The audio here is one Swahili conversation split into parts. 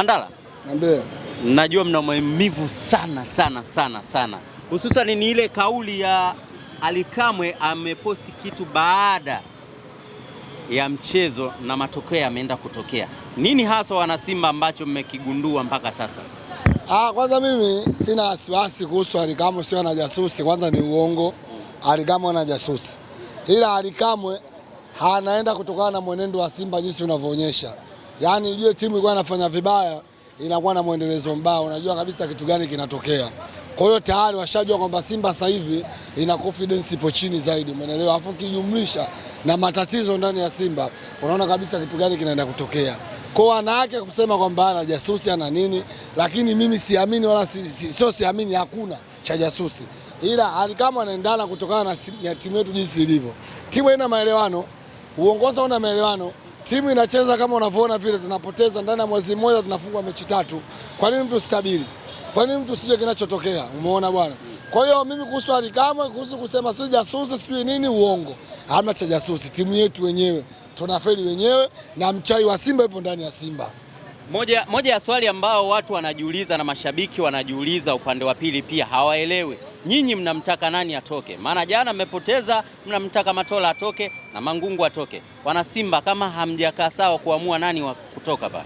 Mandala, niambie. Najua mna maumivu sana sana sana sana, hususan ni ile kauli ya Alikamwe ameposti kitu baada ya mchezo na matokeo yameenda kutokea. Nini hasa wanasimba ambacho mmekigundua mpaka sasa? Ah, kwanza mimi sina wasiwasi kuhusu Alikamwe, sio na jasusi. Kwanza ni uongo, Alikamwe na jasusi, ila Alikamwe anaenda kutokana na mwenendo wa Simba jinsi unavyoonyesha Yaani ujue timu ilikuwa inafanya vibaya, inakuwa na mwendelezo mbaya, unajua kabisa kitu gani kinatokea. Kwa hiyo tayari washajua kwamba Simba sasa hivi ina confidence ipo chini zaidi, umeelewa? Afu kijumlisha na matatizo ndani ya Simba, unaona kabisa kitu gani kinaenda kutokea. Kwa wanawake kusema kwamba ana jasusi ana nini, lakini mimi siamini wala si, si, si, siamini hakuna cha jasusi, ila alikama anaendana kutokana na timu yetu jinsi ilivyo. Timu ina maelewano, uongozi una maelewano timu inacheza kama unavyoona vile, tunapoteza ndani ya mwezi mmoja, tunafungwa mechi tatu. Kwa nini mtu sitabiri Kwa nini mtu sije kinachotokea? Umeona bwana. Kwa hiyo mimi kuhusu Ally Kamwe, kuhusu kusema sio jasusi sijui nini, uongo. Hamna cha jasusi, timu yetu wenyewe tunafeli wenyewe, na mchai wa Simba yupo ndani ya Simba. Moja, moja ya swali ambao watu wanajiuliza na mashabiki wanajiuliza, upande wa pili pia hawaelewi nyinyi mnamtaka nani atoke? Maana jana mmepoteza, mnamtaka Matola atoke na Mangungu atoke. Wana Simba, kama hamjakaa sawa kuamua nani wa kutoka pale.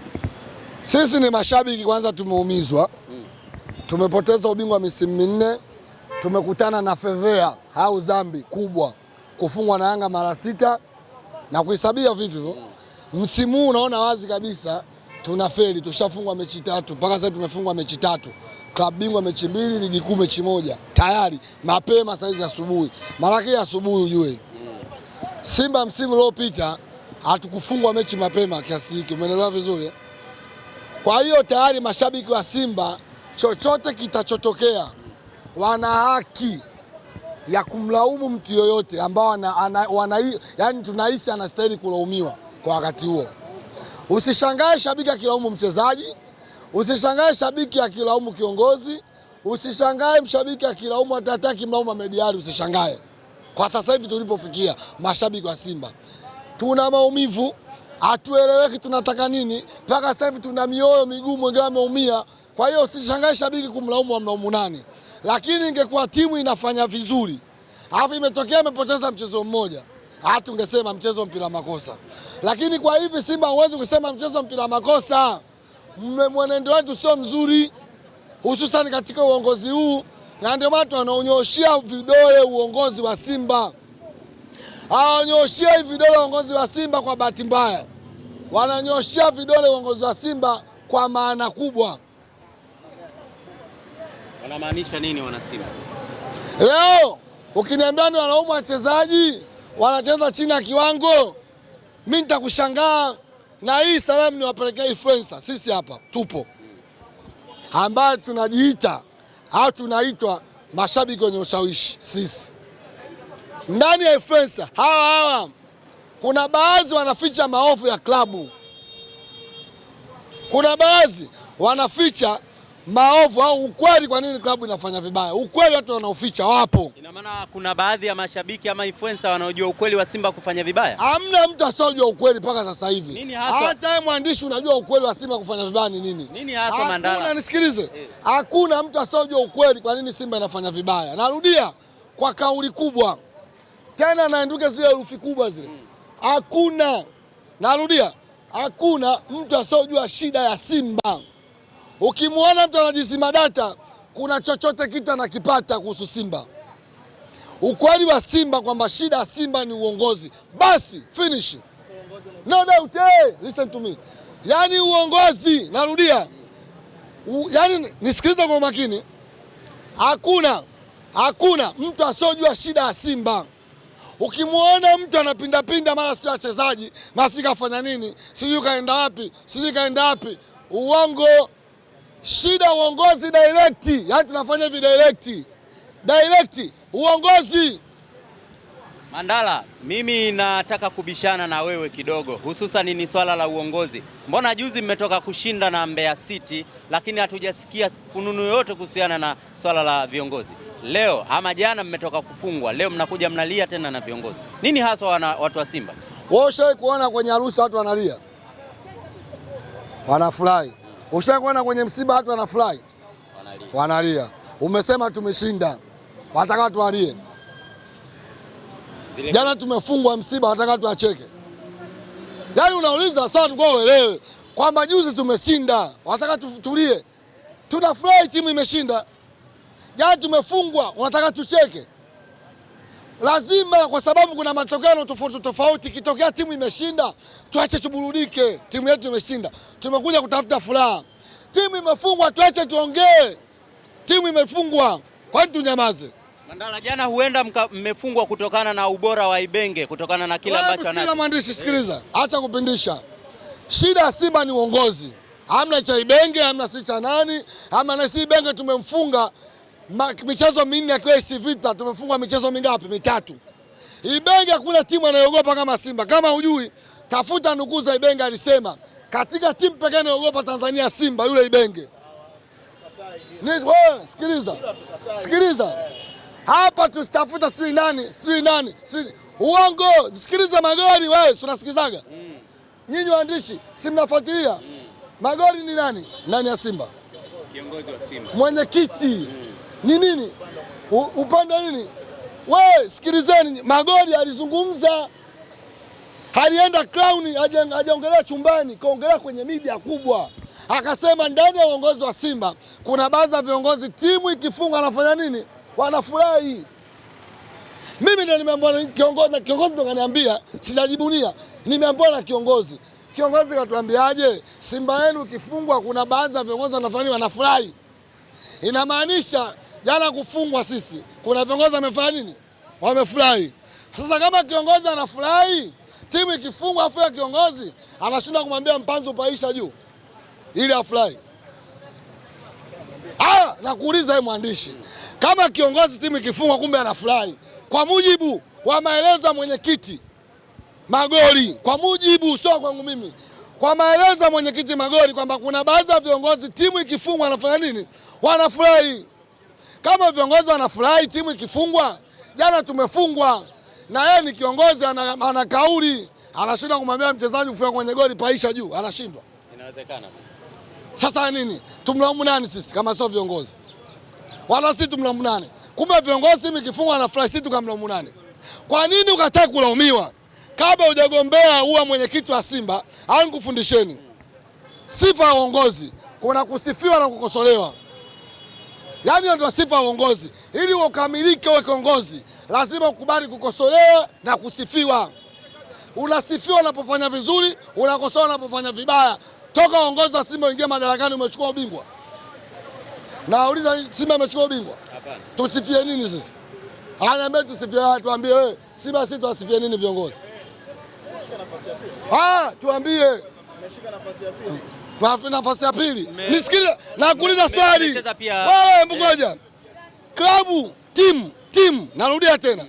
Sisi ni mashabiki kwanza, tumeumizwa hmm. Tumepoteza ubingwa misimu minne, tumekutana na fedhea au dhambi kubwa, kufungwa na Yanga mara sita na kuhesabia vitu hivyo hmm. Msimu huu unaona wazi kabisa tuna feli, tushafungwa mechi tatu mpaka sasa tumefungwa mechi tatu klabu bingwa mechi mbili, ligi kuu mechi moja tayari mapema saizi asubuhi. Maana asubuhi ujue Simba msimu uliopita hatukufungwa mechi mapema kiasi hiki, umeelewa vizuri. Eh? Kwa hiyo tayari mashabiki wa Simba, chochote kitachotokea, wana haki ya kumlaumu mtu yoyote ambao ana, ana, wana, yani tunahisi anastahili kulaumiwa kwa wakati huo. Usishangae shabiki akilaumu mchezaji Usishangae shabiki akilaumu kiongozi, usishangae mshabiki akilaumu atataki mlaumu Ahmed Ally, usishangae. Kwa sasa hivi tulipofikia, mashabiki wa Simba tuna maumivu, hatueleweki tunataka nini. Mpaka sasa hivi tuna mioyo migumu, ingawa wameumia. Kwa hiyo usishangae shabiki kumlaumu amlaumu nani, lakini ingekuwa timu inafanya vizuri alafu imetokea imepoteza mchezo mmoja hatu ungesema mchezo mpira makosa, lakini kwa hivi Simba huwezi kusema mchezo mpira makosa mwenendo wetu sio mzuri, hususan katika uongozi huu, na ndio maana tunaonyoshia vidole uongozi wa Simba. Hawanyoshia vidole uongozi wa Simba kwa bahati mbaya, wananyoshia vidole uongozi wa Simba kwa maana kubwa. Wanamaanisha nini wana Simba? Leo ukiniambia ni wanaumwa wachezaji wanacheza chini ya kiwango, mi nitakushangaa na hii salamu niwapelekea influencer. Sisi hapa tupo ambayo tunajiita au tunaitwa mashabiki wenye ushawishi. Sisi ndani ya influencer hawa hawa, kuna baadhi wanaficha maovu ya klabu, kuna baadhi wanaficha maovu au ukweli. Kwa nini klabu inafanya vibaya? Ukweli watu wanaoficha wapo. Ina maana kuna baadhi ya mashabiki ama influencer wanaojua ukweli wa Simba kufanya vibaya. Hamna mtu asiojua ukweli mpaka sasa hivi. Hata yeye mwandishi unajua ukweli wa Simba kufanya vibaya ni nini? Nini hasa Mandala? Hakuna, nisikilize. Eh. Hakuna mtu asiojua ukweli kwa nini Simba inafanya vibaya. Narudia kwa kauli kubwa tena, naenduke zile herufi kubwa zile. Hmm. Hakuna, narudia, hakuna mtu asiojua shida ya Simba. Ukimwona mtu anajisima data, kuna chochote kitu anakipata kuhusu Simba. Ukweli wa Simba kwamba shida ya Simba ni uongozi, basi finish, no doubt. Eh, listen to me, yaani uongozi, narudia, yaani nisikiliza kwa umakini. Hakuna hakuna mtu asiojua shida ya Simba. Ukimwona mtu anapindapinda, mara sio wachezaji, mara si kafanya nini, sijui kaenda wapi, sijui kaenda wapi, uongo. Shida uongozi direct, yaani tunafanya hivi direct. Direct uongozi. Mandala, mimi nataka kubishana na wewe kidogo, hususan ni swala la uongozi. Mbona juzi mmetoka kushinda na Mbeya City, lakini hatujasikia fununu yoyote kuhusiana na swala la viongozi. Leo ama jana mmetoka kufungwa, leo mnakuja mnalia tena na viongozi. Nini haswa wana, watu wa Simba? Wewe ushawahi kuona kwenye harusi watu wanalia, wanafurahi Ushakwenda kwenye msiba, watu wanafurahi, wanalia. Umesema tumeshinda, wataka tualie. Jana tumefungwa msiba, wataka tuacheke. Yaani unauliza sawa, tulikuwa uelewe kwamba juzi tumeshinda, wataka tutulie. Tunafurahi timu imeshinda. Jana yaani tumefungwa, wanataka tucheke lazima, kwa sababu kuna matokeo tofauti tofauti. Ikitokea timu imeshinda, tuache tuburudike, timu yetu imeshinda, tumekuja kutafuta furaha. Timu imefungwa, tuache tuongee, timu imefungwa, kwani tunyamaze? Mandala, jana huenda mmefungwa kutokana na ubora wa Ibenge, kutokana na kila ambacho anacho. Mwandishi, eh. sikiliza, acha kupindisha. Shida ya Simba ni uongozi, hamna cha Ibenge, hamna si cha nani, hamna si Ibenge tumemfunga michezo minne akiwa Vita tumefungwa michezo mingapi? Mitatu. Ibenga kule timu anayogopa kama Simba. Kama hujui, tafuta nukuu za Ibenga, alisema katika timu pekee anayogopa Tanzania Simba, yule Ibenge. Ni Wewe sikiliza, sikiliza hapa, tusitafuta si nani si nani Si uongo. Sikiliza magori wewe tunasikizaga mm. Nyinyi waandishi si mnafuatilia mm. Magori ni nani Nani ya Simba? Kiongozi wa Simba, mwenyekiti mm ni nini upande nini? We sikilizeni, Magori alizungumza, alienda clown, hajaongelea chumbani, kaongelea kwenye media kubwa, akasema ndani ya uongozi wa Simba kuna baadhi ya viongozi, timu ikifungwa wanafanya nini? Wanafurahi. Mimi ndo nimeambiwa na kiongozi, na kiongozi ndio kaniambia, sijajibunia, nimeambiwa na kiongozi. Kiongozi katuambiaje? Simba yenu ikifungwa kuna baadhi ya viongozi wanafanya wanafurahi, inamaanisha Jana kufungwa sisi, kuna viongozi wamefanya nini? Wamefurahi. Sasa kama kiongozi anafurahi timu ikifungwa, afu ya kiongozi anashindwa kumwambia mpanzo paisha juu ili afurahi. Ah, nakuuliza wewe mwandishi, kama kiongozi timu ikifungwa kumbe anafurahi, kwa mujibu wa maelezo ya mwenyekiti Magoli, kwa mujibu, sio kwangu mimi, kwa maelezo ya mwenyekiti Magoli kwamba kuna baadhi ya viongozi timu ikifungwa anafanya nini? Wanafurahi. Kama viongozi wanafurahi timu ikifungwa, jana tumefungwa na yeye ni kiongozi, ana, ana kauli, anashindwa kumwambia mchezaji kufika kwenye goli paisha juu, anashindwa. Inawezekana sasa nini? Tumlaumu nani sisi kama sio viongozi? Wala sisi tumlaumu nani? Kumbe viongozi timu ikifungwa anafurahi, sisi tukamlaumu nani? Kwa nini ukataka kulaumiwa kabla hujagombea huwa mwenyekiti wa Simba? Au nikufundisheni sifa ya uongozi, kuna kusifiwa na kukosolewa. Yaani ndio sifa ya uongozi. Ili ukamilike uwe kiongozi, lazima ukubali kukosolewa na kusifiwa. Unasifiwa unapofanya vizuri, unakosoa unapofanya vibaya. Toka uongozi wa Simba uingie madarakani, umechukua ubingwa? Nauliza, Simba amechukua ubingwa? Hapana. Tusifie nini sisi? Anaambia tusifie, tuambie wewe, Simba sisi tuwasifie nini viongozi? Ah, tuambie. Ameshika nafasi ya pili nafasi ya pili. Nisikilie na swali wewe, Mbogoja, klabu timu timu, narudia tena,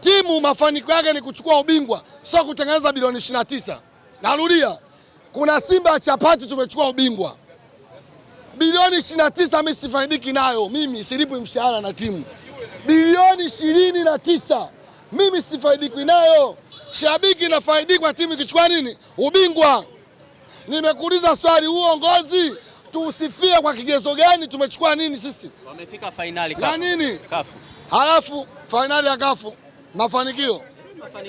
timu mafanikio yake ni kuchukua ubingwa, sio kutengeneza bilioni 29. Narudia, kuna Simba ya chapati tumechukua ubingwa bilioni 29, mimi sifaidiki nayo, mimi silipwi mshahara na timu bilioni ishirini na tisa, mimi sifaidiki nayo. Shabiki nafaidika timu ikichukua nini ubingwa. Nimekuuliza swali, uongozi tuusifie kwa kigezo gani? Tumechukua nini sisi? Wamefika fainali ya nini? Kafu. Halafu fainali ya kafu mafanikio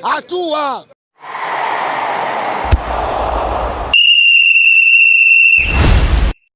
hatua